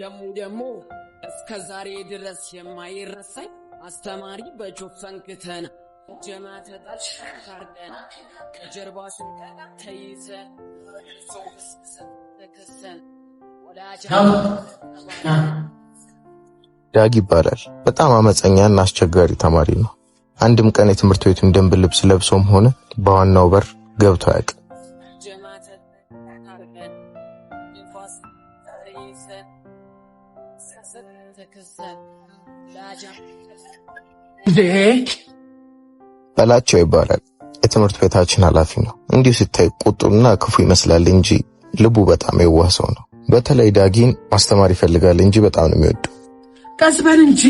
ደሙ ደግሞ እስከ ዛሬ ድረስ የማይረሳኝ አስተማሪ በጆብ ፈንክተና ጀማ ተጣልሽ ታርደና ከጀርባ ተይዘ ተከሰን ዳግ ይባላል። በጣም አመፀኛ እና አስቸጋሪ ተማሪ ነው። አንድም ቀን የትምህርት ቤቱን ደንብ ልብስ ለብሶም ሆነ በዋናው በር ገብቶ አያውቅም። በላቸው ይባላል። የትምህርት ቤታችን ኃላፊ ነው። እንዲሁ ሲታይ ቁጡና ክፉ ይመስላል እንጂ ልቡ በጣም የዋህ ሰው ነው። በተለይ ዳጊን ማስተማር ይፈልጋል እንጂ በጣም ነው የሚወዱ። ቀስበን እንጂ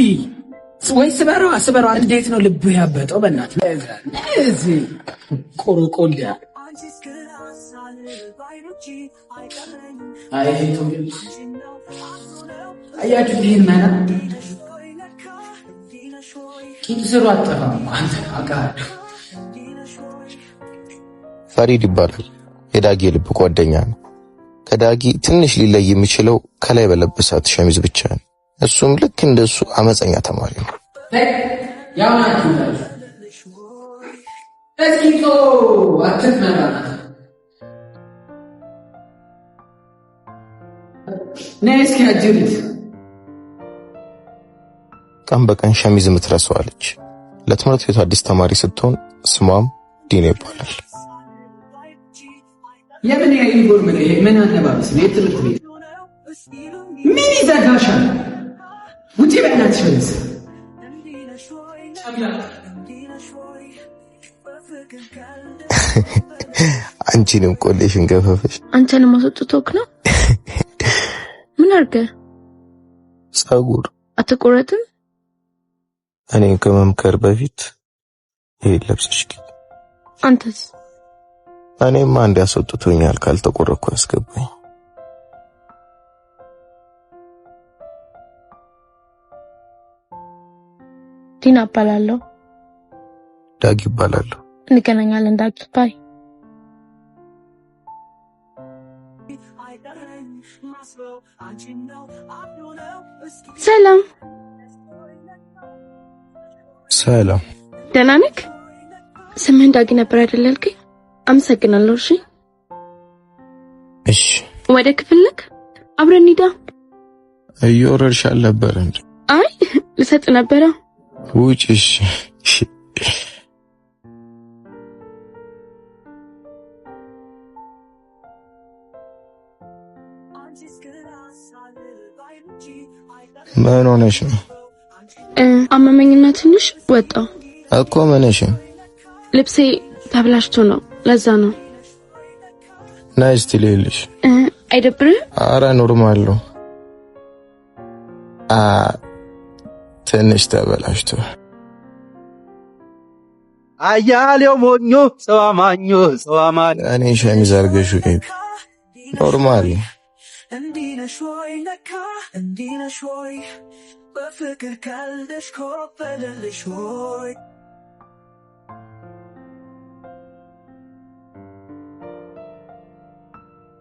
ወይ ስበረዋ ስበረዋ። እንዴት ነው ልቡ ያበጠው? በእናትህ ቁርቁንዳ አያችሁ ይህን መና አንተ አውቃለሁ። ፈሪድ ይባላል። የዳጊ ልብ ጓደኛ ነው። ከዳጊ ትንሽ ሊለይ የሚችለው ከላይ በለበሳት ሸሚዝ ብቻ ነው። እሱም ልክ እንደሱ አመፀኛ ተማሪ ነው። ነይ እስኪ አጅሪት። ቀን በቀን ሸሚዝ የምትረሳዋለች። ለትምህርት ቤቱ አዲስ ተማሪ ስትሆን ስሟም ዲኖ ይባላል። የምን ዩኒፎርም ነው ይሄ? አለባበስ ነው? የትምህርት ቤት ምን ይዘጋሻል? ውጪ በእናትሽ ሸሚዝ አንቺንም ቆሌሽን ገፈፈሽ። አንተንም አስወጥቶክ ነው አርገ ጸጉር አትቆረጥም? እኔ ከመምከር በፊት ይሄ ለብሰሽ አንተስ? እኔማ አንድ ያስወጥቶኛል ካልተቆረኩ ያስገባኝ። ዲና እባላለሁ። ዳጊ እባላለሁ። እንገናኛለን ዳጊ ባይ ሰላም ሰላም፣ ደህና ነህ? ስምህን ዳጊ ነበር አይደል ያልከኝ? አመሰግናለሁ። እሺ እሺ፣ ወደ ክፍልክ ነክ አብረን እንሂዳ። እየወረድሽ አልነበረ እንዴ? አይ ልሰጥ ነበረ። ውጭ። እሺ ምን ሆነሽ ነው? አመመኝና ትንሽ ወጣው እኮ ምንሽ? ልብሴ ተብላሽቶ ነው፣ ለዛ ነው። ናይስ ትልልሽ አይደብርም? አረ ኖርማል ነው። አ ትንሽ ተበላሽቶ አያሌው ሞኞ ሰው አማኞ ሰው አማኞ እኔ ሸሚዝ አርገሹ ኖርማል ነው። Hindi na siyo'y naka, hindi na siyo'y Pafikir kaldash ko palalishoy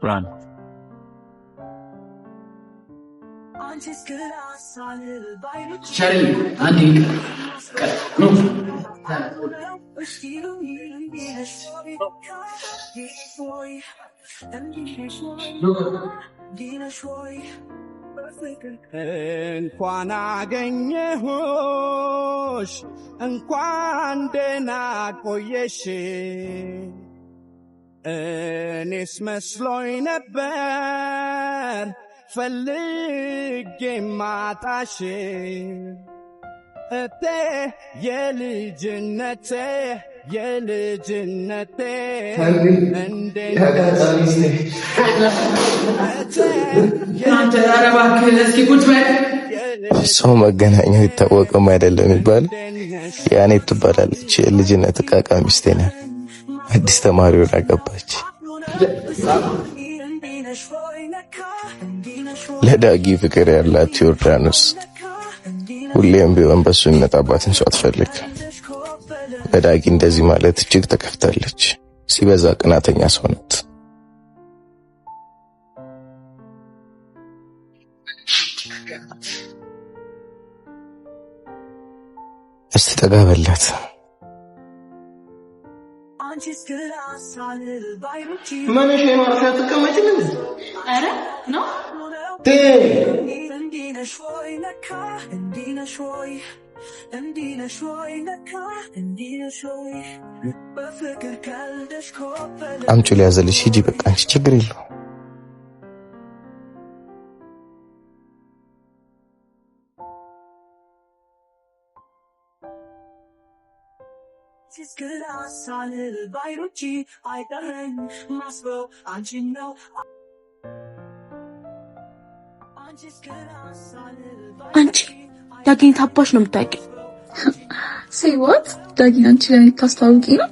Run. Cheryl, Andy, no. No. እንኳን አገኘሁሽ እንኳን ደህና ቆየሽ እኔስ መስሎኝ ነበር ፈልጌ ማጣሽ እቴ የልጅነቴ የልጅነቴ ሰው መገናኛው ይታወቅም አይደለም ይባል። ያኔ ትባላለች የልጅነት እቃቃ ሚስቴ ናት። አዲስ ተማሪውን ሆና ለዳጊ ፍቅር ያላት ዮርዳኖስ ሁሌም ቢሆን በሱ የሚመጣባትን ሰው አትፈልግም። ለዳጊ እንደዚህ ማለት እጅግ ተከፍታለች። ሲበዛ ቅናተኛ ሰው ናት። እስቲ ጠጋ በላት። ምንሽ ነው? እንዲህ ነሽ ወይ ነካ እንዲህ ነሽ ወይ በፍቅር ካልደሽ ኮበለ አምጪ ሊያዘልሽ ሂጂ። በቃ አንቺ ችግር የለው አንቺ ዳግኝ ታባሽ ነው የምታውቂው። ሴይወት ዳጊ አንቺ ላይ ታስተዋውቂ ነው።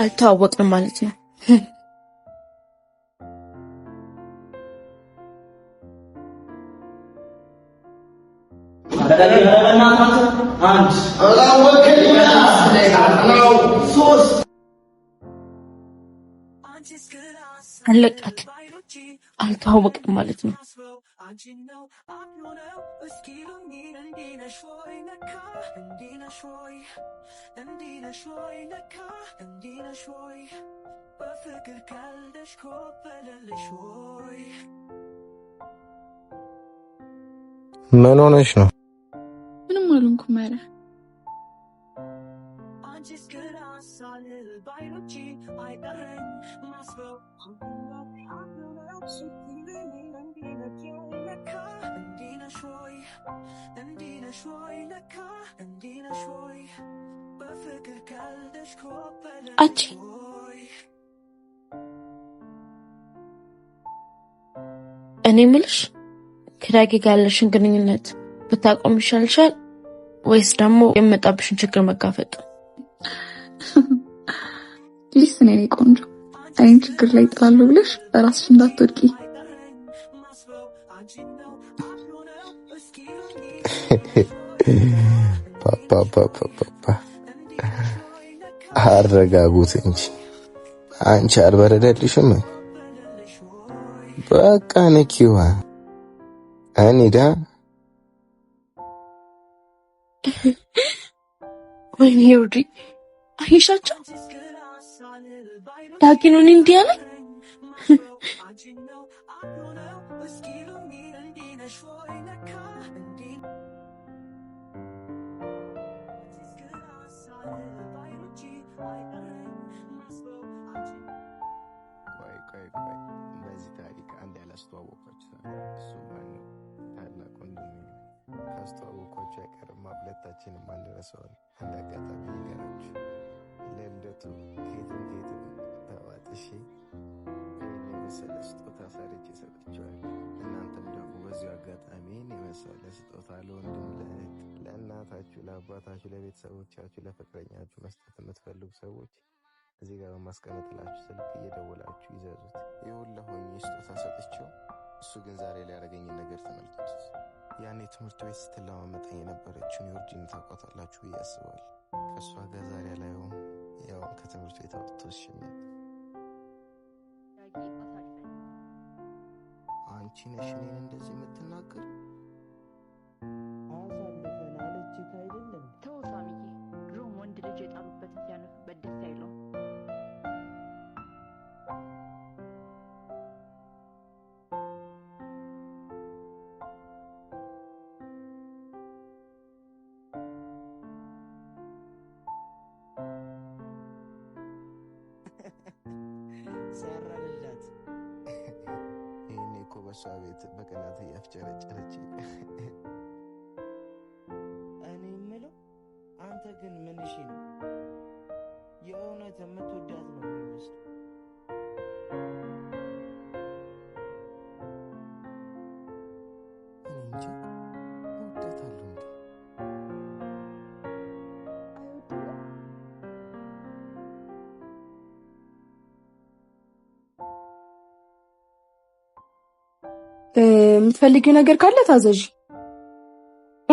አልተዋወቅንም ማለት ነው። አንድ አለቃት አልተዋወቅም ማለት ነው። ምን ሆነሽ ነው? ምንም አልሆንኩም። ኧረ ሳልል ባይኖቼ አይቀረኝ ማስበው እኔ ምልሽ ከዳጊ ጋር ያለሽን ግንኙነት ብታቆም ይሻልሻል ወይስ ደግሞ የመጣብሽን ችግር መጋፈጥ? ሊስን የኔ ቆንጆ አይን ችግር ላይ ጥላለሁ ብለሽ ራስሽ እንዳትወድቂ። አረጋጉት እንጂ አንቺ አልበረደልሽም። በቃ ንኪዋ አኒዳ ወይኔ ውዲ አይሻቸው ዳጊኑን እንዲህ አለ። ካስተዋወቅኳችሁ አይቀርም ሁለታችንም አንረሳውም። እንዳጋጣሚ ይገራችሁ ለልደቱ ኬትም ኬትም ተዋጥሼ ይህን የመሰለ ስጦታ ሰርቼ ሰጥቼዋለሁ። እናንተም ደግሞ በዚሁ አጋጣሚ የመሰለ ስጦታ ለወንድም፣ ለእህት፣ ለእናታችሁ፣ ለአባታችሁ፣ ለቤተሰቦቻችሁ፣ ለፍቅረኛችሁ መስጠት የምትፈልጉ ሰዎች እዚህ ጋር በማስቀመጥላችሁ ስልክ እየደወላችሁ ይዘዙት። የሁላሆኝ ስጦታ ሰጥቼው እሱ ግን ዛሬ ሊያደርገኝን ነገር ተመልከቱት። ያኔ ትምህርት ቤት ስትለማመጠኝ የነበረችውን የወርጅን ታውቋታላችሁ ብዬ አስባለሁ። ከእሷ ጋር ዛሬ ላይ ያው ከትምህርት ቤት አውጥቶ ሲሸኛል አንቺ ነሽ እኔን እንደዚህ የምትናገር በእሷ ቤት በቅናት እያፍጨረጨረች እኔ የምለው አንተ ግን ምንሽ ነው የእውነት የምትወዳት የምትፈልጊው ነገር ካለ ታዘዥ።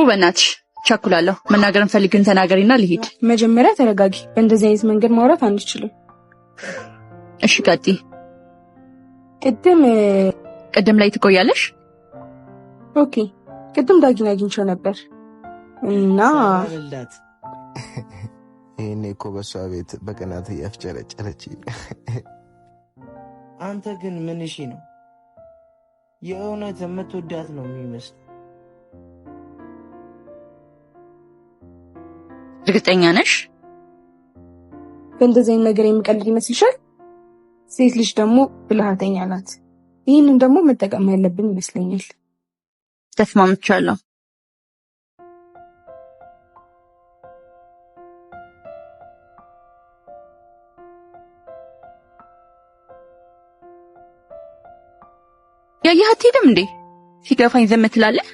በእናትሽ ቸኩላለሁ። መናገር የምትፈልጊውን ተናገሪና ልሂድ። መጀመሪያ ተረጋጊ። በእንደዚህ አይነት መንገድ ማውራት አንችልም። እሺ፣ ቀጢ። ቅድም ቅድም ላይ ትቆያለሽ? ኦኬ። ቅድም ዳጊን አግኝቼው ነበር እና ይሄኔ እኮ በእሷ ቤት በቅናት እያፍጨረጨረች። አንተ ግን ምን እሺ ነው የእውነት የምትወዳት ነው የሚመስል። እርግጠኛ ነሽ? በእንደዚህ ነገር የሚቀልድ ይመስልሻል? ሴት ልጅ ደግሞ ብልሃተኛ ናት። ይህንን ደግሞ መጠቀም ያለብን ይመስለኛል። ተስማምቻለሁ። ያየህ አትሄድም እንዴ? ሲገፋኝ ዘም ትላለህ?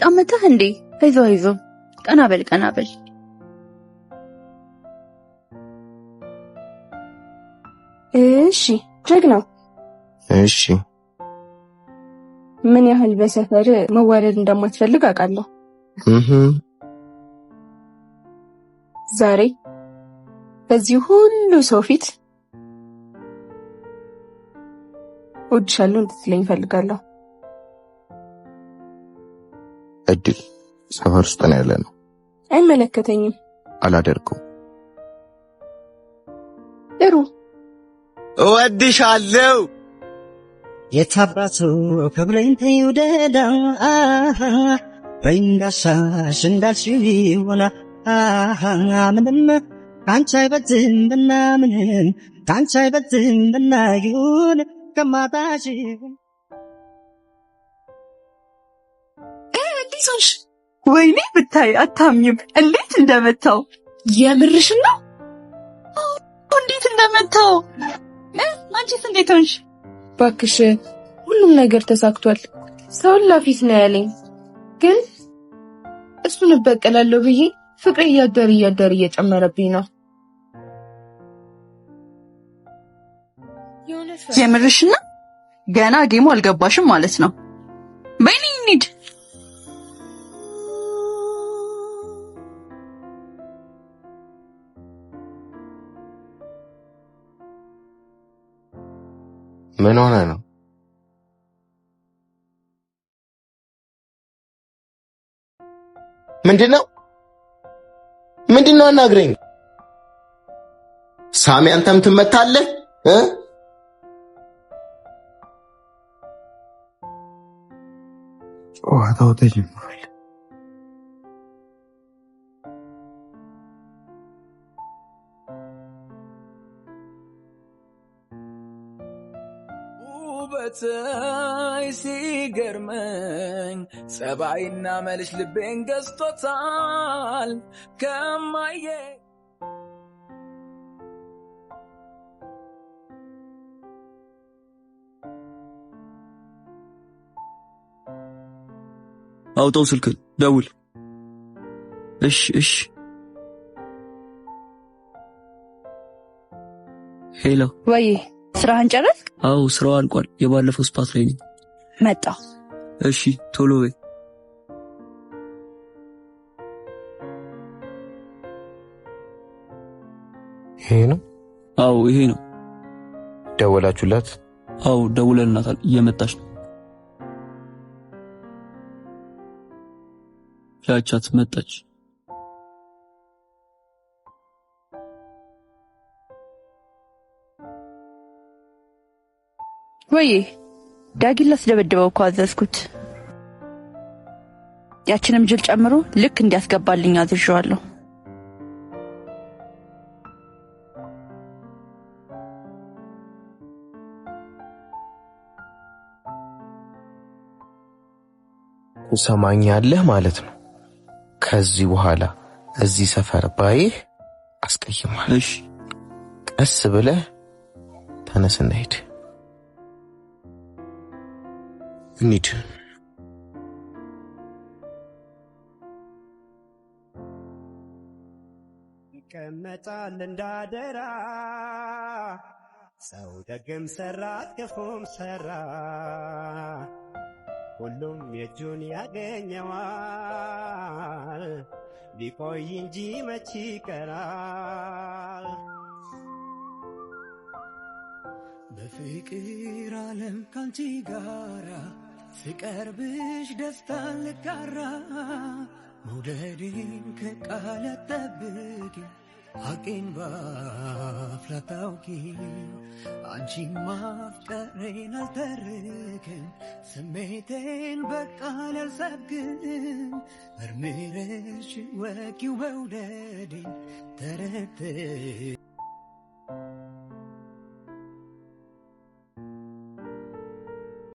ጣመተህ እንዴ? አይዞ አይዞ፣ ቀና በል ቀና በል። እሺ ጀግናው። እሺ ምን ያህል በሰፈር መዋደድ እንደማትፈልግ አውቃለሁ። ዛሬ በዚህ ሁሉ ሰው ፊት እወድሻለሁ እንድትለኝ እፈልጋለሁ። እድል ሰፈር ውስጥ ነው ያለ ነው። አይመለከተኝም። አላደርገው። ጥሩ እወድሻለሁ የታባቱ ከብለኝ ተይውደዳ በይንዳሳሽ እንዳልሽ ይሆና ምንም ከአንቺ አይበልጥም ከአንቺ አይበልጥም ከማጣሽ ወይኔ ብታይ አታምኝም እንዴት እንደመታው የምርሽን ነው እንዴት እንደመታው አንቺስ እንዴት ሆንሽ ባክሽ ሁሉም ነገር ተሳክቷል ሰውን ላፊት ነው ያለኝ ግን እሱን እበቀላለሁ ብዬ ፍቅር እያደር እያደር እየጨመረብኝ ነው። የምርሽና ገና ጌሞ አልገባሽም ማለት ነው። በይኔ እንሂድ። ምን ሆነ ነው? ምንድን ነው? ምንድን ነው አናግረኝ። ሳሚ አንተም ትመታለህ። ጨዋታው ተጀምሯል። ሲፈተኝ ሲገርመኝ ጸባይና መልሽ ልቤን ገዝቶታል ከማየ አውጣው ስልክ ደውል። እሽ እሽ። ሄሎ ወይ ስራህን ጨረስክ? አዎ ስራው አልቋል። የባለፈው ስፓት ላይ ነኝ። መጣሁ። እሺ ቶሎ በይ። ይሄ ነው? አዎ ይሄ ነው። ደወላችሁላት? አዎ ደውለልናታል። እየመጣች ነው። ያቻት መጣች። ወይ ዳጊን ላስደበድበው እኮ አዘዝኩት። ያችንም ጅል ጨምሮ ልክ እንዲያስገባልኝ አዝዤዋለሁ። ሰማኛለህ ማለት ነው። ከዚህ በኋላ እዚህ ሰፈር ባይህ አስቀይማለሽ። ቀስ ብለህ ተነስና ሂድ። እንሂድ። ይቀመጣል እንዳደራ ሰው ደግም ሰራ ክፉም ሰራ ሁሉም የእጁን ያገኘዋል። ቢቆይ እንጂ መች ይቀራል። በፍቅር ዓለም ካንቺ ጋራ ሲቀርብሽ ደስታን ልጋራ መውደድን ከቃለ ጠብቂ አቂን ባፍ አንቺ ማፍቀሬን አልተርክም ስሜቴን በቃል አልሰብክም መርምረሽ ወኪው መውደድን ተረድተሽ